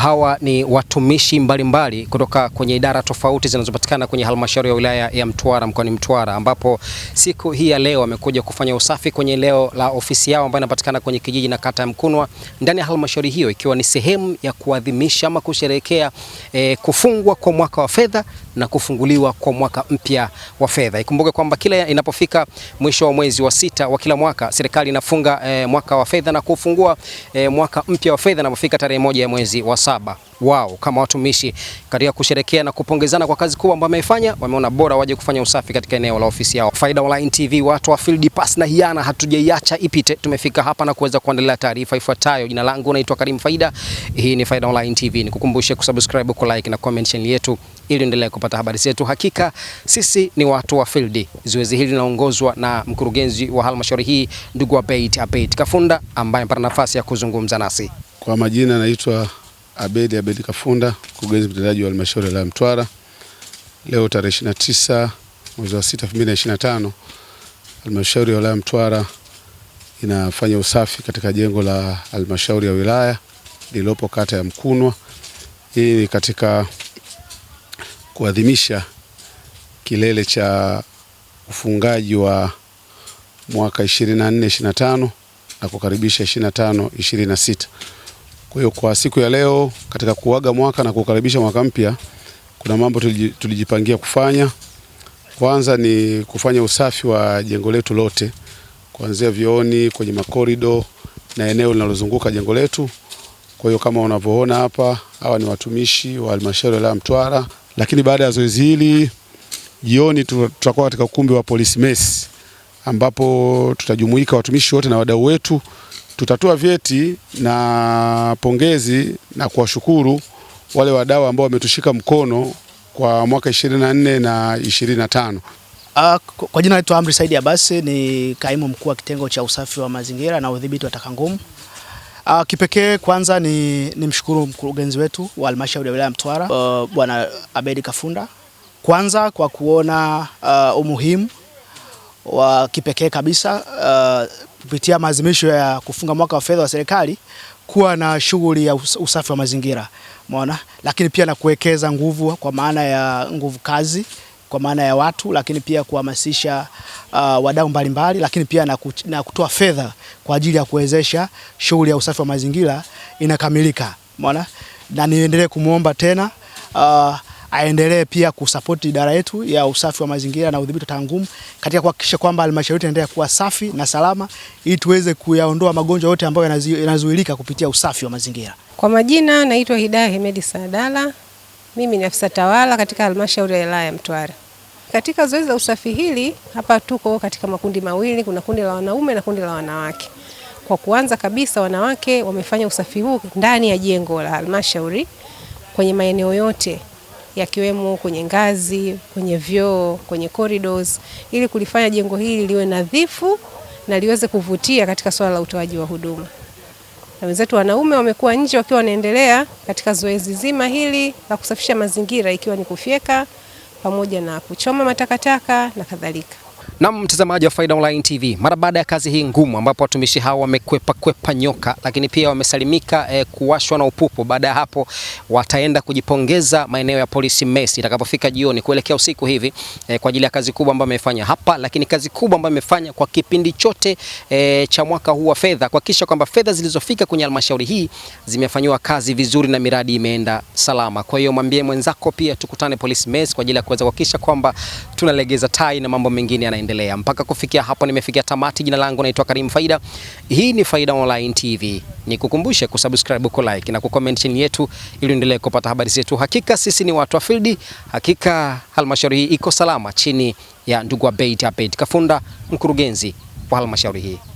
hawa ni watumishi mbalimbali mbali kutoka kwenye idara tofauti zinazopatikana kwenye halmashauri ya wilaya ya Mtwara mkoani Mtwara, ambapo siku hii ya leo wamekuja kufanya usafi kwenye eneo la ofisi yao ambayo inapatikana kwenye kijiji na kata ya Mkunwa ndani ya halmashauri hiyo, ikiwa ni sehemu ya kuadhimisha ama kusherehekea e, kufungwa kwa mwaka wa fedha na kufunguliwa kwa mwaka mpya wa fedha. Ikumbuke kwamba kila inapofika mwisho wa mwezi wa sita wa kila mwaka serikali inafunga e, mwaka wa fedha na kufungua e, mwaka mpya wa fedha inapofika tarehe moja ya mwezi wa saba wao kama watumishi katika kusherekea na kupongezana kwa kazi kubwa ambayo wameifanya. Wameona bora waje kufanya usafi katika eneo la ofisi yao. Faida Online TV, watu wa field pass na hiana, hatujaiacha ipite. Tumefika hapa na kuweza kuandalia taarifa ifuatayo. Jina langu naitwa Karim Faida, hii ni Faida Online TV. Nikukumbushe kusubscribe, ku like na comment channel yetu ili endelee kupata habari zetu. Hakika sisi ni watu wa field. Zoezi hili linaongozwa na mkurugenzi wa halmashauri hii ndugu Abeid Abeid Kafunda ambaye amepata nafasi ya kuzungumza nasi. Kwa majina naitwa Abedi Abedi Kafunda, mkurugenzi mtendaji wa halmashauri ya wilaya Mtwara. Leo tarehe 29 mwezi wa 6 2025, halmashauri ya wilaya Mtwara inafanya usafi katika jengo la halmashauri ya wilaya lililopo kata ya Mkunwa. Hii ni katika kuadhimisha kilele cha ufungaji wa mwaka 24 25 na kukaribisha 25 26. Kwa hiyo kwa siku ya leo katika kuaga mwaka na kukaribisha mwaka mpya, kuna mambo tulijipangia kufanya. Kwanza ni kufanya usafi wa jengo letu lote, kuanzia vioni, kwenye makorido na eneo linalozunguka jengo letu. Kwa hiyo kama unavyoona hapa, hawa ni watumishi wa halmashauri ya Mtwara. Lakini baada ya zoezi hili, jioni tutakuwa katika ukumbi wa polisi mess, ambapo tutajumuika watumishi wote na wadau wetu tutatoa vyeti na pongezi na kuwashukuru wale wadau ambao wametushika mkono kwa mwaka 24 na 25. Uh, ah, kwa jina naitwa Amri Saidi Abasi ni kaimu mkuu wa kitengo cha usafi wa mazingira na udhibiti wa taka ngumu. Uh, kipekee kwanza ni, ni mshukuru mkurugenzi wetu wa halmashauri ya wilaya ya Mtwara uh, Bwana Abedi Kafunda kwanza kwa kuona uh, umuhimu wa kipekee kabisa uh, kupitia maazimisho ya kufunga mwaka wa fedha wa serikali kuwa na shughuli ya usafi wa mazingira umeona, lakini pia na kuwekeza nguvu kwa maana ya nguvu kazi kwa maana ya watu, lakini pia kuhamasisha uh, wadau mbalimbali, lakini pia na, na kutoa fedha kwa ajili ya kuwezesha shughuli ya usafi wa mazingira inakamilika umeona, na niendelee kumwomba tena uh, aendelee pia kusapoti idara yetu ya usafi wa mazingira na udhibiti wa taka ngumu katika kuhakikisha kwamba halmashauri inaendelea kuwa safi na salama ili tuweze kuyaondoa magonjwa yote ambayo yanazuilika kupitia usafi wa mazingira. Kwa majina naitwa Hidaya Hemedi Sadala, mimi ni afisa tawala katika halmashauri ya wilaya ya Mtwara. Katika zoezi la usafi hili hapa tuko katika makundi mawili, kuna kundi la wanaume na kundi la wanawake. Kwa kuanza kabisa, wanawake wamefanya usafi huu ndani ya jengo la halmashauri kwenye maeneo yote yakiwemo kwenye ngazi, kwenye vyoo, kwenye corridors ili kulifanya jengo hili liwe nadhifu na liweze kuvutia katika swala la utoaji wa huduma. Na wenzetu wanaume wamekuwa nje wakiwa wanaendelea katika zoezi zima hili la kusafisha mazingira ikiwa ni kufyeka pamoja na kuchoma matakataka na kadhalika. Na mtazamaji wa Faida Online TV, mara baada ya kazi hii ngumu ambapo watumishi hao wamekwepa kwepa nyoka, lakini pia wamesalimika eh, kuwashwa na upupo. Baada ya hapo, wataenda kujipongeza maeneo ya polisi mess itakapofika jioni kuelekea usiku hivi eh, kwa ajili ya kazi kubwa ambayo amefanya hapa, lakini kazi kubwa ambayo amefanya kwa kipindi chote eh, cha mwaka huu wa fedha, kuhakikisha kwamba fedha zilizofika kwenye halmashauri hii zimefanywa kazi vizuri na miradi imeenda salama. Kwa hiyo mwambie mwenzako pia tukutane polisi mess kwa ajili ya kuweza kuhakikisha kwamba tunalegeza tai na mambo mengine yanaendelea unaendelea. Mpaka kufikia hapo nimefikia tamati. Jina langu naitwa Karim Faida. Hii ni Faida Online TV. Nikukumbushe kusubscribe, ku like na ku comment chini yetu ili uendelee kupata habari zetu. Hakika sisi ni watu wa field. Hakika halmashauri hii iko salama chini ya ndugu Abeid Abeid Kafunda, mkurugenzi wa halmashauri hii.